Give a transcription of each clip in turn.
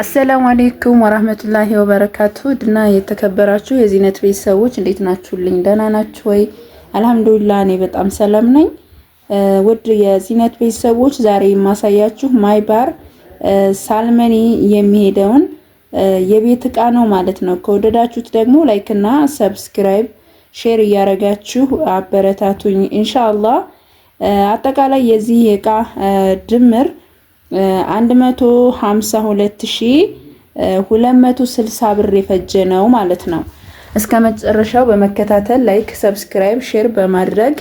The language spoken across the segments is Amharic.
አሰላሙ አሌይኩም ወራህመቱላሂ ወበረካቱ ድና የተከበራችሁ የዚህነት ቤተሰቦች እንዴት ናችሁልኝ? ደህና ናችሁ ወይ? አልሐምዱሊላህ እኔ በጣም ሰላም ነኝ። ውድ የዚህነት ቤተሰቦች ዛሬ የማሳያችሁ ማይባር ሳልመኒ የሚሄደውን የቤት እቃ ነው ማለት ነው። ከወደዳችሁት ደግሞ ላይክና ሰብስክራይብ ሼር እያደረጋችሁ አበረታቱኝ። ኢንሻአላህ አጠቃላይ የዚህ እቃ ድምር 152260 ብር የፈጀ ነው ማለት ነው። እስከ መጨረሻው በመከታተል ላይክ፣ ሰብስክራይብ፣ ሼር በማድረግ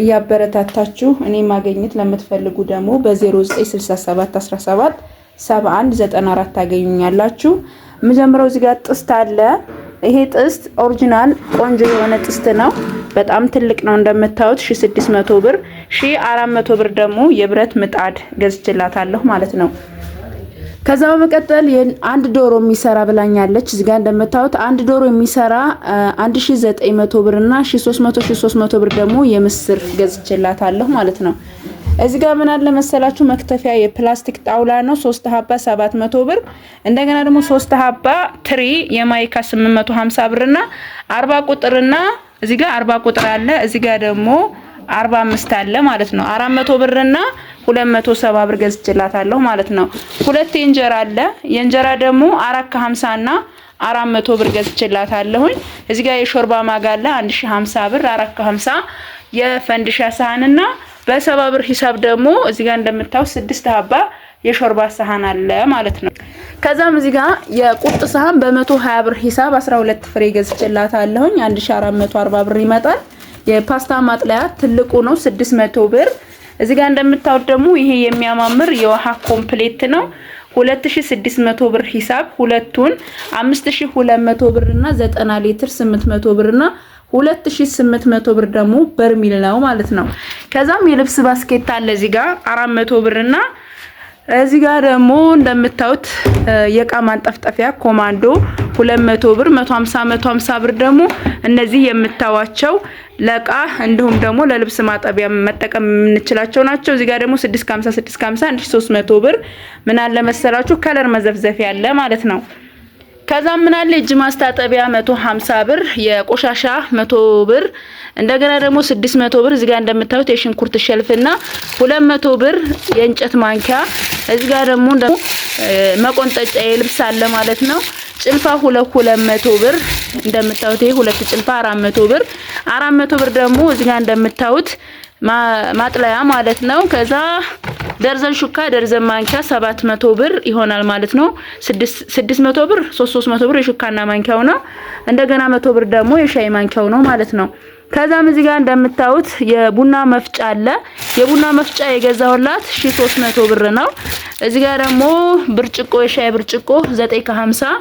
እያበረታታችሁ እኔ ማግኘት ለምትፈልጉ ደግሞ በ0967177194 ታገኙኛላችሁ። የምጀምረው እዚህ ጋር ጥስት አለ ይሄ ጥስት ኦሪጂናል ቆንጆ የሆነ ጥስት ነው። በጣም ትልቅ ነው እንደምታዩት፣ 1600 ብር 1400 ብር ደግሞ የብረት ምጣድ ገዝችላታለሁ ማለት ነው። ከዛ በመቀጠል አንድ ዶሮ የሚሰራ ብላኛለች። እዚህ ጋር እንደምታዩት አንድ ዶሮ የሚሰራ 1900 ብር እና 1300 1300 ብር ደግሞ የምስር ገዝችላታለሁ ማለት ነው። እዚህ ጋር ምን አለ መሰላችሁ መክተፊያ የፕላስቲክ ጣውላ ነው። ሶስት ሀባ 700 ብር። እንደገና ደግሞ ሶስት ሀባ ትሪ የማይካ 850 ብርና 40 ቁጥርና እዚህ ጋር 40 ቁጥር አለ። እዚህ ጋር ደግሞ 45 አለ ማለት ነው። 400 ብርና 270 ብር ገዝችላታለሁ ማለት ነው። ሁለት የእንጀራ አለ። የእንጀራ ደግሞ 4 50 እና 400 ብር ገዝችላታለሁኝ። እዚህ ጋር የሾርባ ማጋ አለ 1050 ብር 4 50 የፈንዲሻ ሳህንና በሰባ ብር ሂሳብ ደግሞ እዚህ ጋር እንደምታዩት ስድስት ሀባ የሾርባ ሰሃን አለ ማለት ነው። ከዛም እዚህ ጋር የቁርጥ ሳህን በመቶ ሀያ ብር ሂሳብ 12 ፍሬ ገዝችላት አሺ4መቶ 1440 ብር ይመጣል። የፓስታ ማጥለያ ትልቁ ነው መቶ ብር። እዚህ ጋር እንደምታዩት ደግሞ ይሄ የሚያማምር የውሃ ኮምፕሌት ነው 2600 ብር ሂሳብ ሁለቱን 5200 ብርና 90 ሊትር 800 ብርና 2800 ብር ደግሞ በርሚል ነው ማለት ነው። ከዛም የልብስ ባስኬት አለ እዚህ ጋር 400 ብር እና እዚህ ጋር ደግሞ እንደምታዩት የእቃ ማንጠፍጠፊያ ኮማንዶ 200 ብር፣ 150 150 ብር ደግሞ እነዚህ የምታዋቸው ለእቃ እንዲሁም ደግሞ ለልብስ ማጠቢያ መጠቀም የምንችላቸው ናቸው። እዚህ ጋር ደግሞ 650 650 1300 ብር ምን አለ መሰላችሁ ከለር መዘፍዘፊያ አለ ማለት ነው። ከዛ ምን አለ እጅ ማስታጠቢያ 150 ብር፣ የቆሻሻ 100 ብር፣ እንደገና ደግሞ 600 ብር። እዚህ ጋር እንደምታዩት የሽንኩርት ሸልፍና 200 ብር የእንጨት ማንኪያ። እዚህ ጋር ደግሞ ደግሞ መቆንጠጫ የልብስ አለ ማለት ነው። ጭልፋ 200 ብር እንደምታዩት፣ ይሄ ሁለት ጭልፋ 400 ብር። 400 ብር ደግሞ እዚህ ጋር እንደምታዩት ማጥለያ ማለት ነው። ከዛ ደርዘን ሹካ ደርዘን ማንኪያ 700 ብር ይሆናል ማለት ነው። 600 ብር 300 ብር የሹካና ማንኪያው ነው። እንደገና 100 ብር ደግሞ የሻይ ማንኪያው ነው ማለት ነው። ከዛም እዚህ ጋር እንደምታዩት የቡና መፍጫ አለ። የቡና መፍጫ የገዛሁላት 1300 ብር ነው። እዚህ ጋር ደግሞ ብርጭቆ የሻይ ብርጭቆ 9 ከ50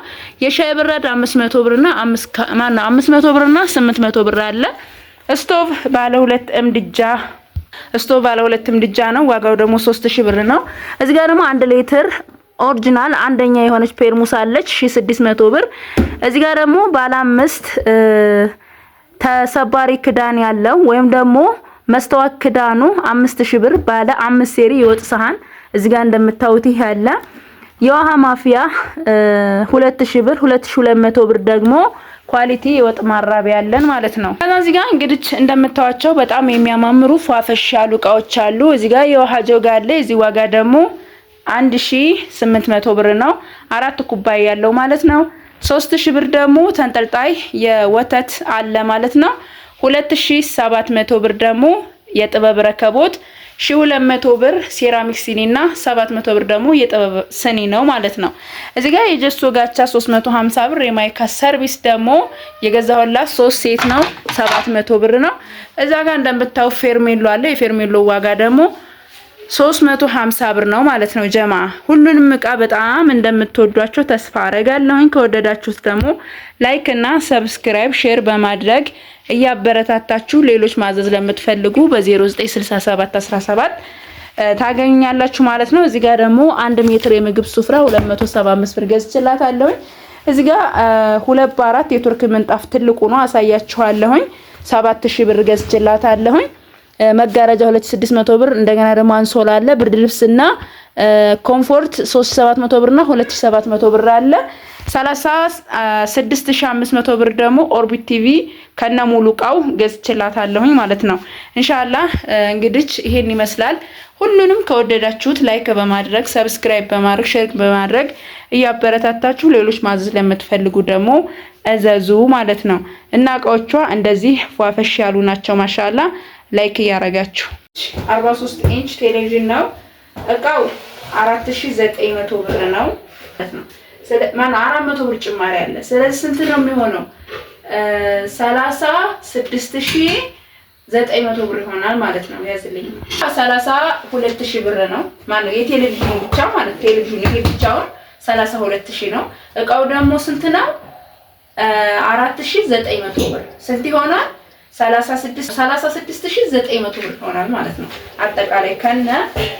የሻይ ብራድ 500 ብርና 5 ማነው 500 ብርና 800 ብር አለ። ስቶቭ ባለ ሁለት እምድጃ እስቶ ባለ ሁለትም ምድጃ ነው። ዋጋው ደግሞ ሶስት ሺ ብር ነው። እዚህ ጋር ደግሞ አንድ ሌትር ኦሪጂናል አንደኛ የሆነች ፔርሙስ አለች 1600 ብር። እዚህ ጋር ደግሞ ባለ አምስት ተሰባሪ ክዳን ያለው ወይም ደግሞ መስተዋት ክዳኑ 5000 ብር። ባለ አምስት ሴሪ የወጥ ሰሃን እዚህ ጋር እንደምታዩት ይሄ ያለ የውሃ ማፍያ 2000 ብር። 2200 ብር ደግሞ ኳሊቲ የወጥ ማራቢያ ያለን ማለት ነው። ከዛ እዚህ እንግዲህ እንደምታዋቸው በጣም የሚያማምሩ ፏፈሽ ያሉ እቃዎች አሉ። እዚህ ጋር የውሃ ጆግ አለ። እዚህ ዋጋ ደግሞ አንድ ሺ ስምንት መቶ ብር ነው። አራት ኩባያ ያለው ማለት ነው። ሶስት ሺ ብር ደግሞ ተንጠልጣይ የወተት አለ ማለት ነው። ሁለት ሺ ሰባት መቶ ብር ደግሞ የጥበብ ረከቦት ሺ ሁለት ብር ሴራሚክ ሲኒ እና ሰባት መቶ ብር ደግሞ የጥበብ ስኒ ነው ማለት ነው። እዚ ጋ የጀሶ ጋቻ ሶስት መቶ ሀምሳ ብር የማይካ ሰርቪስ ደግሞ የገዛሁላት ሶስት ሴት ነው ሰባት መቶ ብር ነው። እዛ ጋር እንደምታው ፌርሜሎ አለ። የፌርሜሎ ዋጋ ደግሞ 350 ብር ነው ማለት ነው። ጀማ ሁሉንም እቃ በጣም እንደምትወዷቸው ተስፋ አረጋለሁኝ። ከወደዳችሁት ደግሞ ላይክ እና ሰብስክራይብ፣ ሼር በማድረግ እያበረታታችሁ ሌሎች ማዘዝ ለምትፈልጉ በ096717 ታገኛላችሁ ማለት ነው። እዚህ ጋር ደግሞ አንድ ሜትር የምግብ ሱፍራ 275 ብር ገዝቼላታለሁኝ። እዚህ ጋር ሁለት በአራት የቱርክ ምንጣፍ ትልቁ ነው አሳያችኋለሁኝ። 7000 ብር ገዝቼላታለሁኝ። መጋረጃ 2600 ብር፣ እንደገና ደግሞ አንሶላ አለ፣ ብርድ ልብስና ኮምፎርት 3700 ብርና 2700 ብር አለ። 36500 ብር ደግሞ ኦርቢት ቲቪ ከነ ሙሉ እቃው ገዝቼላታለሁኝ ማለት ነው። እንሻላ እንግዲህ ይሄን ይመስላል። ሁሉንም ከወደዳችሁት ላይክ በማድረግ ሰብስክራይብ በማድረግ ሼር በማድረግ እያበረታታችሁ ሌሎች ማዘዝ ለምትፈልጉ ደግሞ እዘዙ ማለት ነው እና እቃዎቿ እንደዚህ ፏፈሽ ያሉ ናቸው። ማሻላ ላይክ እያረጋችሁ። 43 ኢንች ቴሌቪዥን ነው። እቃው 4900 ብር ነው ነው ማነው አራት መቶ ብር ጭማሪ አለ። ስለዚህ ስንት ነው የሚሆነው? ሰላሳ ስድስት ሺህ ዘጠኝ መቶ ብር ይሆናል ማለት ነው። ያዝልኝ ሰላሳ ሁለት ብር ነው ማነው የቴሌቪዥኑ ብቻ ማለት ቴሌቪዥኑ ይሄ ብቻውን ሰላሳ ሁለት ነው። እቃው ደግሞ ስንት ነው? አራት ሺህ ዘጠኝ መቶ ብር ስንት ይሆናል? 36 ሺህ 900 ብር ይሆናል ማለት ነው። አጠቃላይ ከነ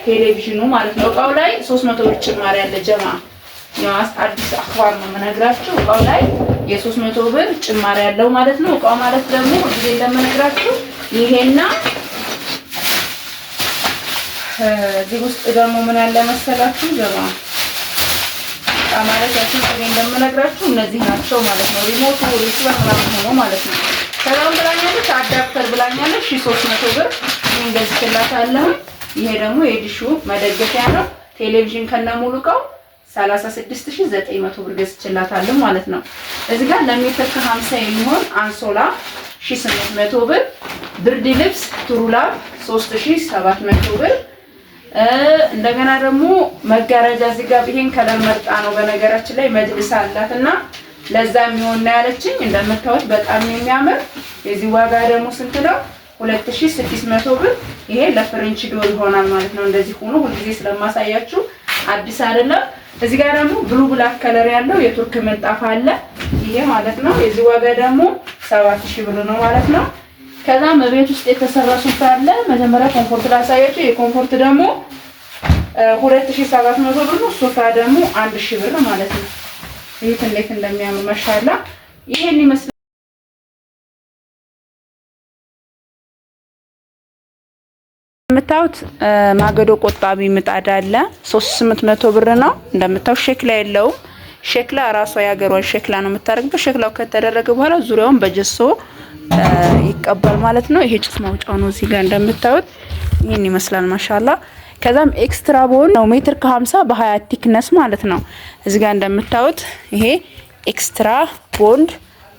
ቴሌቪዥኑ ማለት ነው። እቃው ላይ 300 ብር ጭማሪ ያለ ጀማ አዲስ አክባር ነው የምነግራችሁ። እቃው ላይ የ300 ብር ጭማሪ ያለው ማለት ነው። እቃው ማለት ደግሞ ጊዜ እንደምነግራችሁ ይሄና እዚህ ውስጥ ደግሞ ምን አለ መሰላችሁ ጀማ ማለት ያችን እንደምነግራችሁ እነዚህ ናቸው ማለት ነው። ሪሞቱ ሪሲቨር ምናምን ሆኖ ማለት ነው ሰላም ብላኛለች አዳፕተር ብላኛለች ሺ ሶስት መቶ ብር እንገዝችላታለሁ። ይሄ ደግሞ የዲሹ መደገፊያ ነው። ቴሌቪዥን ከነሙሉ እቃው 36900 ብር ገዝችላታለሁ ማለት ነው። እዚህ ጋር ለሜትር 50 የሚሆን አንሶላ 1800 ብር፣ ብርድ ልብስ ቱሩላ 3700 ብር። እንደገና ደግሞ መጋረጃ እዚህ ጋር ይሄን ከለመርጣ ነው። በነገራችን ላይ መድብስ አላትና ለዛ የሚሆን ነው ያለችኝ። እንደምታዩት በጣም የሚያምር የዚህ ዋጋ ደግሞ ስንት ነው? 2600 ብር። ይሄ ለፍሬንች ዶር ይሆናል ማለት ነው። እንደዚህ ሆኖ ሁልጊዜ ስለማሳያችሁ አዲስ አይደለም። እዚህ ጋር ደግሞ ብሉ ብላክ ከለር ያለው የቱርክ ምንጣፍ አለ። ይሄ ማለት ነው የዚህ ዋጋ ደግሞ 7000 ብር ነው ማለት ነው። ከዛ በቤት ውስጥ የተሰራ ሶፋ አለ። መጀመሪያ ኮምፎርት ላሳያችሁ። የኮምፎርት ደግሞ 2700 ብር ነው። ሶፋ ደግሞ 1000 ብር ማለት ነው። እዩት እንዴት እንደሚያምር ይሄን ይመስላል። እንደምታዩት ማገዶ ቆጣቢ ምጣድ አለ። 3800 ብር ነው። እንደምታዩት ሸክላ የለውም። ሸክላ ራሷ የሀገሯን ሸክላ ነው የምታደርግበት። ሸክላው ከተደረገ በኋላ ዙሪያውን በጀሶ ይቀባል ማለት ነው። ይሄ ጭስ ማውጫው ነው እዚህ ጋር እንደምታዩት ይህን ይመስላል ማሻላ ከዛም ኤክስትራ ቦን ነው ሜትር ከ50 በ20 ቲክነስ ማለት ነው። እዚ ጋር እንደምታዩት ይሄ ኤክስትራ ቦንድ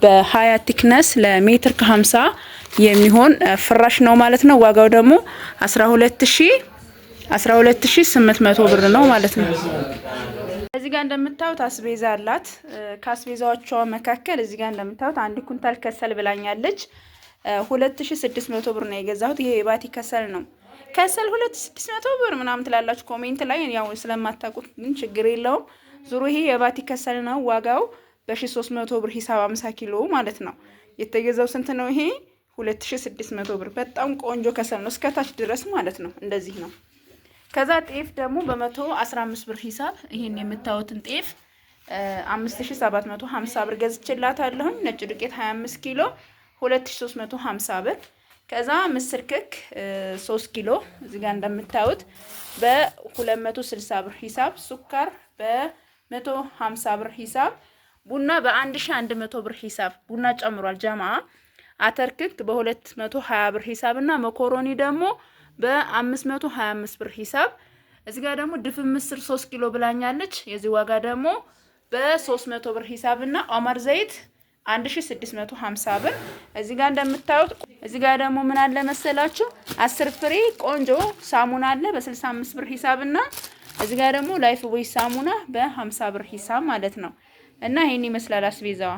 በ20 ቲክነስ ለሜትር ከ50 የሚሆን ፍራሽ ነው ማለት ነው። ዋጋው ደግሞ 12800 ብር ነው ማለት ነው። እዚህ ጋር እንደምታዩት አስቤዛ አላት። ከአስቤዛዎቿ መካከል እዚህ ጋር እንደምታዩት አንድ ኩንታል ከሰል ብላኛለች። 2600 ብር ነው የገዛሁት። ይሄ የባቲ ከሰል ነው። ከሰል ሁለት ስድስት መቶ ብር ምናምን ትላላችሁ ኮሜንት ላይ ያው ስለማታውቁት ግን ችግር የለውም። ዙሮ ይሄ የባቲ ከሰል ነው። ዋጋው በሺ ሶስት መቶ ብር ሂሳብ አምሳ ኪሎ ማለት ነው። የተገዛው ስንት ነው? ይሄ ሁለት ሺ ስድስት መቶ ብር። በጣም ቆንጆ ከሰል ነው፣ እስከታች ድረስ ማለት ነው። እንደዚህ ነው። ከዛ ጤፍ ደግሞ በመቶ አስራ አምስት ብር ሂሳብ ይሄን የምታዩትን ጤፍ አምስት ሺ ሰባት መቶ ሀምሳ ብር ገዝቼላታለሁኝ። ነጭ ዱቄት ሀያ አምስት ኪሎ ሁለት ሺ ሶስት መቶ ሀምሳ ብር ከዛ ምስር ክክ 3 ኪሎ እዚህ ጋር እንደምታዩት በ260 ብር ሂሳብ፣ ሱካር በ150 ብር ሂሳብ፣ ቡና በ1100 ብር ሂሳብ ቡና ጨምሯል ጀማ። አተር ክክ በ220 ብር ሂሳብ እና መኮሮኒ ደግሞ በ525 ብር ሂሳብ። እዚህ ጋር ደግሞ ድፍን ምስር 3 ኪሎ ብላኛለች። የዚህ ዋጋ ደግሞ በ300 ብር ሂሳብ እና ኦማር ዘይት አንድ ሺ ስድስት መቶ ሀምሳ ብር እዚህ ጋር እንደምታዩት። እዚህ ጋር ደግሞ ምን አለ መሰላችሁ አስር ፍሬ ቆንጆ ሳሙና አለ በስልሳ አምስት ብር ሂሳብ እና እዚህ ጋር ደግሞ ላይፍ ቦይ ሳሙና በሀምሳ ብር ሂሳብ ማለት ነው እና ይሄን ይመስላል አስቤዛዋ።